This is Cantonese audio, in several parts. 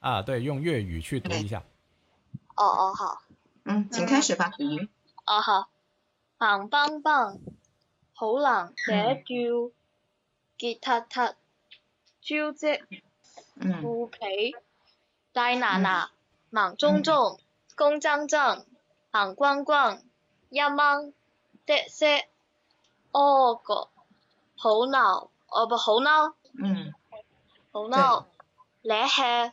啊，對，用粵語去讀一下。哦哦好，嗯，請開始吧，語音。哦好，棒棒棒，好腍，嗲吊，傑撻撻，招積，富、mm. 被，大拿拿，mm. mm. 盲重重，mm. 公憎憎，忙關關，一蚊，得色個，哦，覺好嬲，哦不，好嬲，嗯、mm.，好嬲，你係？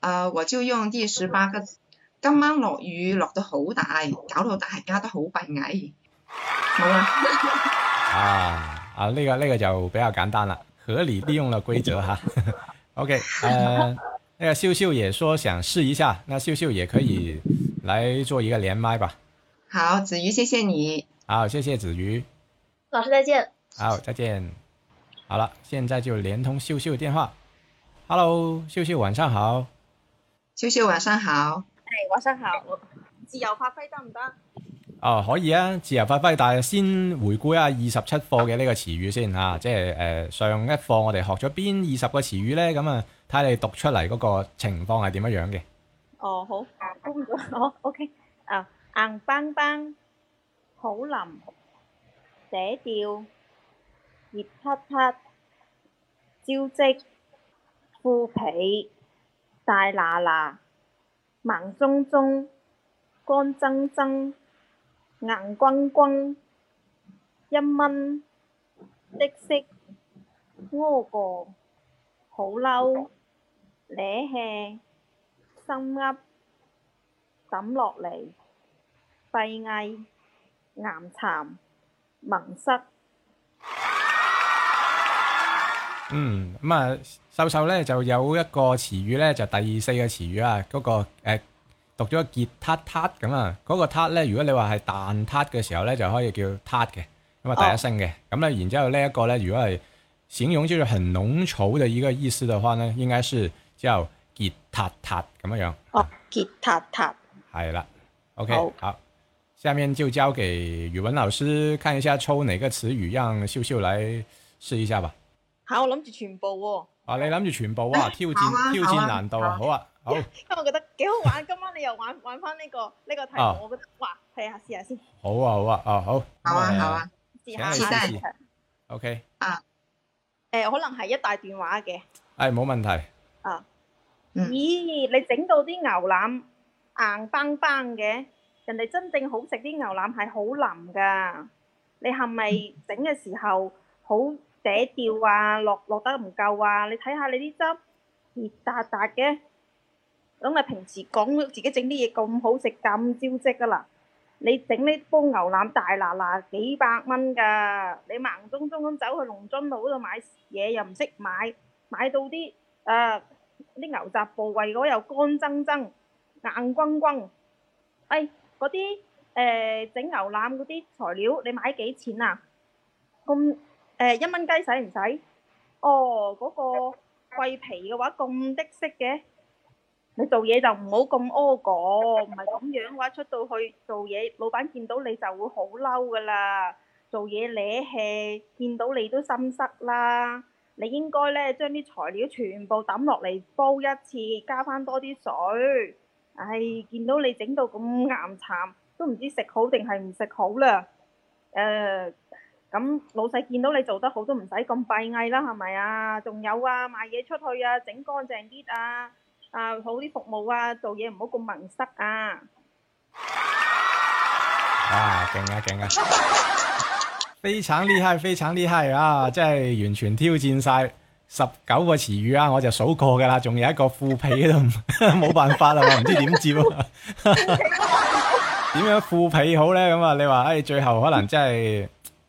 誒、uh, 我就用第十八個，今晚落雨落得好大，搞到大家都好閉翳。好 啊，啊啊呢、那個呢、那個就比較簡單啦，合理利用了規則哈。 OK，誒、呃，呢 個秀秀也說想試一下，那秀秀也可以來做一個連麥吧。好，子瑜，謝謝你。好，謝謝子瑜。老師，再見。好，再見。 好了，現在就連通秀秀電話。Hello，秀秀晚上好。小小，晚上好，係晚上好，自由發揮得唔得？哦，可以啊，自由發揮，但係先回顧一下二十七課嘅呢個詞語先吓、啊，即係誒、呃、上一課我哋學咗邊二十個詞語咧，咁啊睇下你讀出嚟嗰個情況係點樣樣嘅。哦，好，好，哦，ok，啊，硬梆梆，好腍，寫掉，杰撻撻，招積，戽被。大拿拿，盲忠忠，乾錚錚，硬光光，一蚊的色屙過，好嬲，舐氣，心悒，抌落嚟，閉翳，岩殘，懵塞。嗯，咁、嗯、啊，秀秀咧就有一個詞語咧，就第四個詞語啊，那個誒讀咗個杰撻撻咁啊，嗰、那個撻咧，如果你話係蛋撻嘅時候咧，就可以叫撻嘅，咁啊第一聲嘅。咁、哦、咧、嗯，然之後呢一個咧，如果係形容叫做很濃稠嘅一個意思嘅話咧，應該是叫杰撻撻咁樣樣。哦，杰撻撻。係啦，OK、哦、好，下面就交給雨文老師看一下抽哪個詞語讓秀秀來試一下吧。吓！我諗住全部喎。啊，你諗住全部啊？挑戰挑戰難度啊！好啊，好。因為我覺得幾好玩，今晚你又玩玩翻呢個呢個題，我覺得哇，係啊，試下先。好啊，好啊，哦好。係啊係啊，試下先。O K。啊。誒，可能係一大段話嘅。係冇問題。啊。咦，你整到啲牛腩硬邦邦嘅，人哋真正好食啲牛腩係好淋噶，你係咪整嘅時候好？瀨掉啊，落落得唔夠啊！你睇下你啲汁熱達達嘅，咁咪平時講自己整啲嘢咁好食咁招積噶啦！你整呢煲牛腩大拿拿幾百蚊噶，你盲舂舂咁走去龍津路嗰度買嘢又唔識買，買到啲誒啲牛雜部位嗰又乾蒸蒸硬轟轟。哎，嗰啲誒整牛腩嗰啲材料你買幾錢啊？咁。誒、呃、一蚊雞使唔使？哦，嗰、那個桂皮嘅話咁的色嘅，你做嘢就唔好咁屙講，唔係咁樣嘅話出到去做嘢，老闆見到你就會好嬲噶啦。做嘢嘮氣，見到你都心塞啦。你應該咧將啲材料全部抌落嚟煲一次，加翻多啲水。唉、哎，見到你整到咁岩殘，都唔知食好定係唔食好啦。誒、呃。咁老細見到你做得好都唔使咁閉翳啦，係咪啊？仲有啊，賣嘢出去啊，整乾淨啲啊，啊好啲服務啊，做嘢唔好咁盲塞啊！啊，勁啊勁啊！非常厲害，非常厲害啊！真係完全挑戰晒十九個詞語啊！我就數過㗎啦，仲有一個戽被都冇辦法啦，我唔知點接啊？點樣戽被好咧？咁啊，你話誒，最後可能真係～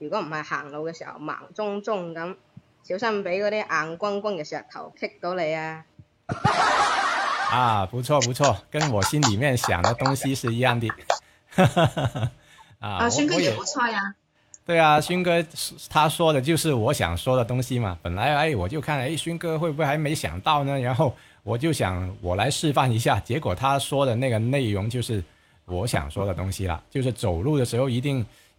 如果唔係行路嘅時候盲舂舂咁，小心俾嗰啲硬弸弸嘅石頭棘到你啊！ 啊，不錯不錯，跟我心裏面想嘅東西是一樣的。 啊、勳、啊、哥也不錯呀。對啊，勳哥他說的就是我想說嘅東西嘛。本來誒、哎，我就看誒、勳、哎、哥會不會還沒想到呢？然後我就想我來示範一下，結果他說的那個內容就是我想說嘅東西啦，就是走路嘅時候一定。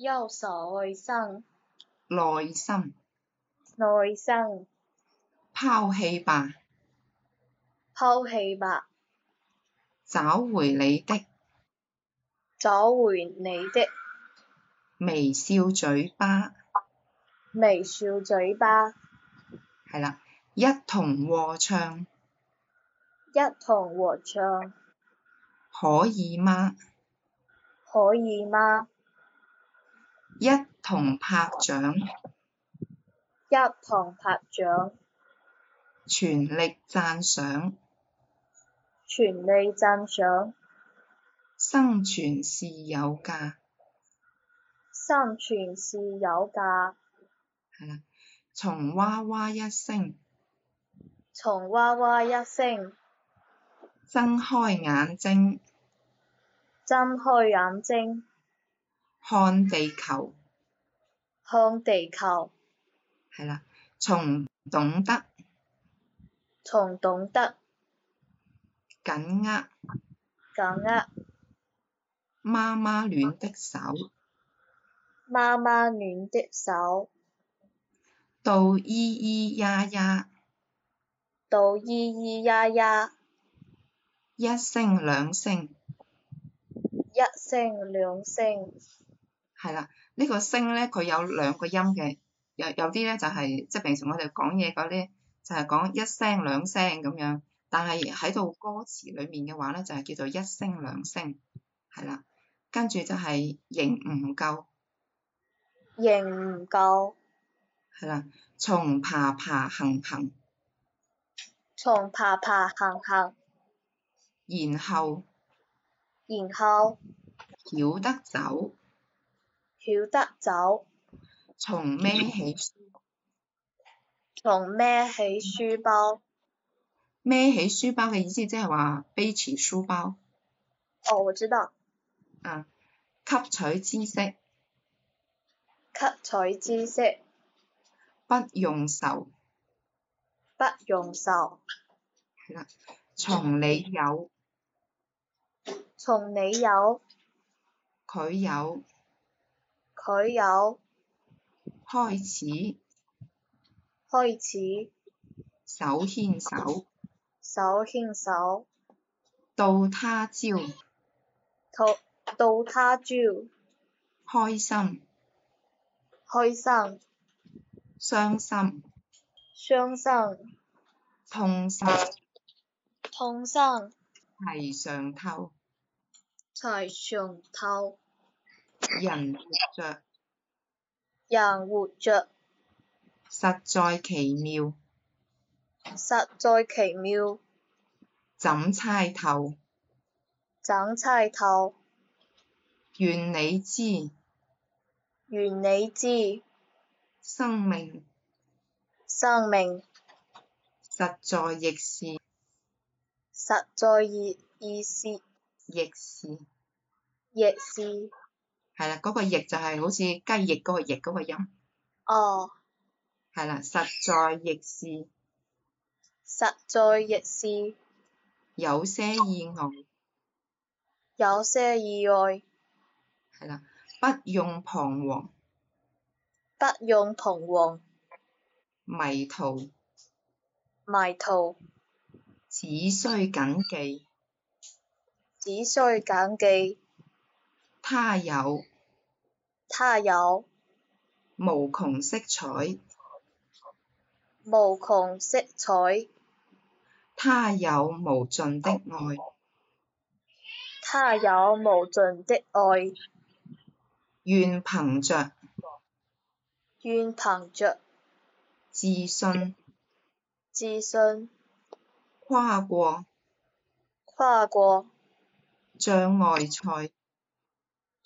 優愁內心，內心，內心，拋棄吧，拋棄吧，找回你的，找回你的微笑嘴巴，微笑嘴巴，係啦，一同和唱，一同和唱，可以嗎？可以嗎？一同拍掌，一同拍掌，全力讚賞，全力讚賞，生存是有價，生存是有價，係啦，從哇哇一聲，從哇哇一聲，睜開眼睛，睜開眼睛。看地球，看地球，係啦。從懂得，從懂得緊握，緊握媽媽暖的手，媽媽暖的手，到咿咿呀呀，到咿咿呀呀，一聲兩聲，一聲兩聲。係啦，這個、聲呢個聲咧佢有兩個音嘅，有有啲咧就係、是、即係平時我哋講嘢嗰啲，就係、是、講一聲兩聲咁樣，但係喺度歌詞裏面嘅話咧就係、是、叫做一聲兩聲，係啦，跟住就係仍唔夠，仍唔夠，係啦，從爬爬行行，從爬爬行行，然後，然後，繞得走。跳得走，從孭起，從孭起書包，孭起書包嘅意思即係話背起書包。哦，我知道。啊，吸取知識，吸取知識，不用愁，不用愁。係啦，從你有，從你有，佢有。佢有開始，開始手牽手，手牽手到他朝，到，到他朝開心，開心傷心，傷心痛心，痛心財上頭，財上頭。人活着，人活着，實在奇妙，實在奇妙。怎猜透？怎猜透？願你知，願你知。生命，生命，實在亦是，實在亦亦是，亦是，亦是。係啦，嗰個翼就係好似雞翼嗰個翼嗰個音。哦。係啦，實在亦是。實在亦是。有些意外。有些意外。係啦，不用彷徨。不用彷徨。迷途。迷途。只需緊記。只需緊記。他有，他有無窮色彩，無窮色彩。他有無盡的愛，他有無盡的愛。願憑着，願憑着，自信，自信跨過，跨過障礙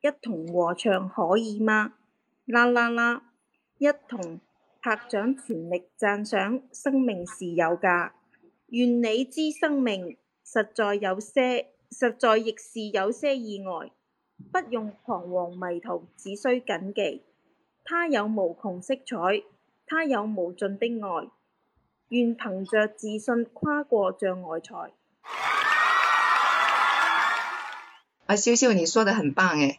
一同和唱可以嗎？啦啦啦！一同拍掌，全力讚賞生命是有價。願你知生命實在有些，實在亦是有些意外。不用彷徨迷途，只需謹記，他有無窮色彩，他有無盡的愛。願憑着自信跨過障礙才。阿、啊、秀秀，你說得很棒誒！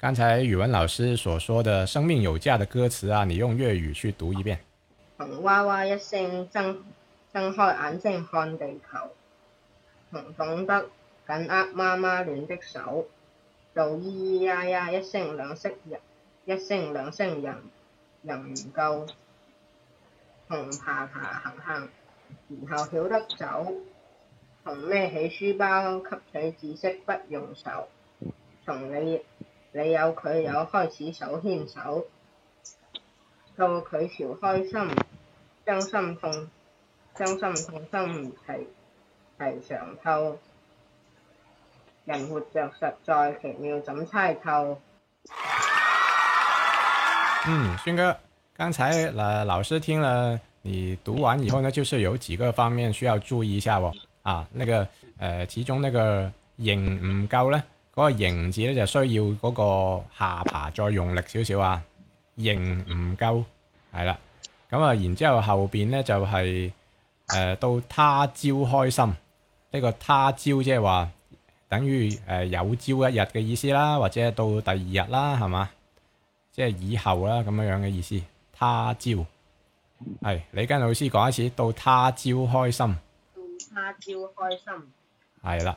剛才語文老師所說的《生命有價》的歌詞啊，你用粵語去讀一遍。同哇哇一聲睜睜開眼睛看地球，同懂得緊握媽媽暖的手，就咿咿呀呀一聲兩聲人一聲兩聲人人唔夠，同爬爬行行然後曉得走，同孭起書包吸取知識不用愁，同你。你有佢有，開始手牽手，到佢朝開心，將心痛，將心痛心齊齊常透，人活着實在奇妙，怎猜透？嗯，軒哥，剛才啦，老師聽了你讀完以後呢，就是有幾個方面需要注意一下喎、哦，啊，呢個誒，始終那個型唔、呃、夠咧。嗰、那個形字咧就需要嗰個下巴再用力少少啊，形唔夠，係啦。咁啊，然之後後邊咧就係、是、誒、呃、到他朝開心，呢、這個他朝即係話等於誒、呃、有朝一日嘅意思啦，或者到第二日啦，係嘛？即、就、係、是、以後啦咁樣樣嘅意思。他朝係你跟老師講一次，到他朝開心。到他朝開心。係啦。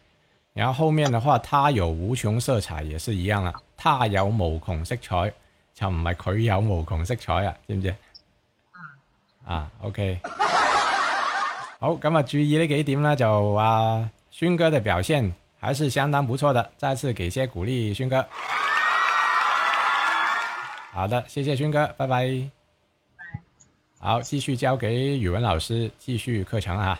然後後面的話，他有無窮色彩也是一樣啦。他有無窮色彩，就唔係佢有無窮色彩啦、啊，知唔知、嗯？啊，o、okay、k 好，咁啊，注意呢幾點呢就啊，勳哥嘅表現還是相當不錯的，再次給些鼓勵，勳哥。 好的，謝謝勳哥，拜拜。拜。好，繼續交給雨文老師繼續課程啊。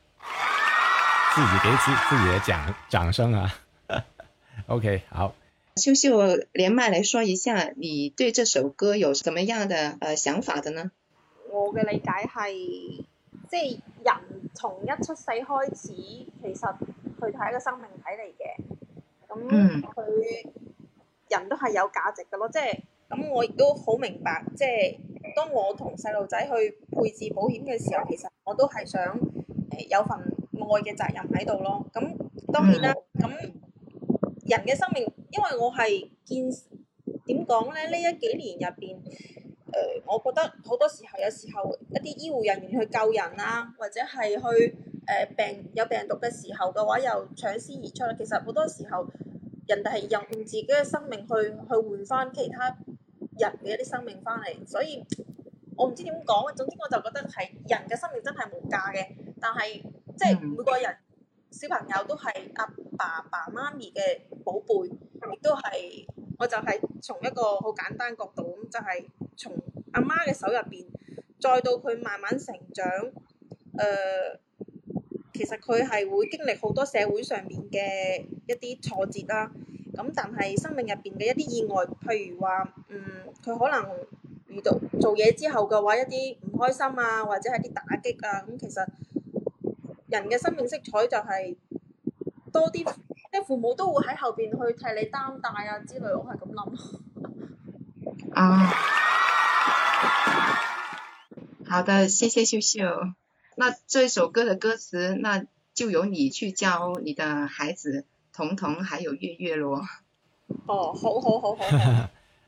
自己給自自己的掌掌聲啊，OK 好，秀秀連麥來說一下，你對這首歌有什麼樣的誒想法的呢？我嘅理解係，即係人從一出世開始，其實佢係一個生命體嚟嘅。咁、嗯、佢人都係有價值嘅咯。即係咁，我亦都好明白，即係當我同細路仔去配置保險嘅時候，其實我都係想誒有份。愛嘅責任喺度咯，咁當然啦。咁人嘅生命，因為我係見點講咧？呢一幾年入邊，誒、呃，我覺得好多時候有時候一啲醫護人員去救人啊，或者係去誒、呃、病有病毒嘅時候嘅話，又搶屍而出啦。其實好多時候，人哋係用自己嘅生命去去換翻其他人嘅一啲生命翻嚟，所以我唔知點講。總之我就覺得係人嘅生命真係無價嘅，但係。即係每個人小朋友都係阿爸爸媽咪嘅寶貝，亦都係，我就係從一個好簡單角度咁，就係從阿媽嘅手入邊，再到佢慢慢成長。誒，其實佢係會經歷好多社會上面嘅一啲挫折啦。咁但係生命入邊嘅一啲意外，譬如話，嗯，佢可能遇到做嘢之後嘅話，一啲唔開心啊，或者係啲打擊啊，咁其實。人嘅生命色彩就係多啲，即父母都會喺後邊去替你擔戴啊之類，我係咁諗。啊，好的，謝謝秀秀。那這首歌嘅歌詞，那就由你去教你的孩子彤彤、童童還有月月咯。哦，好好好好好。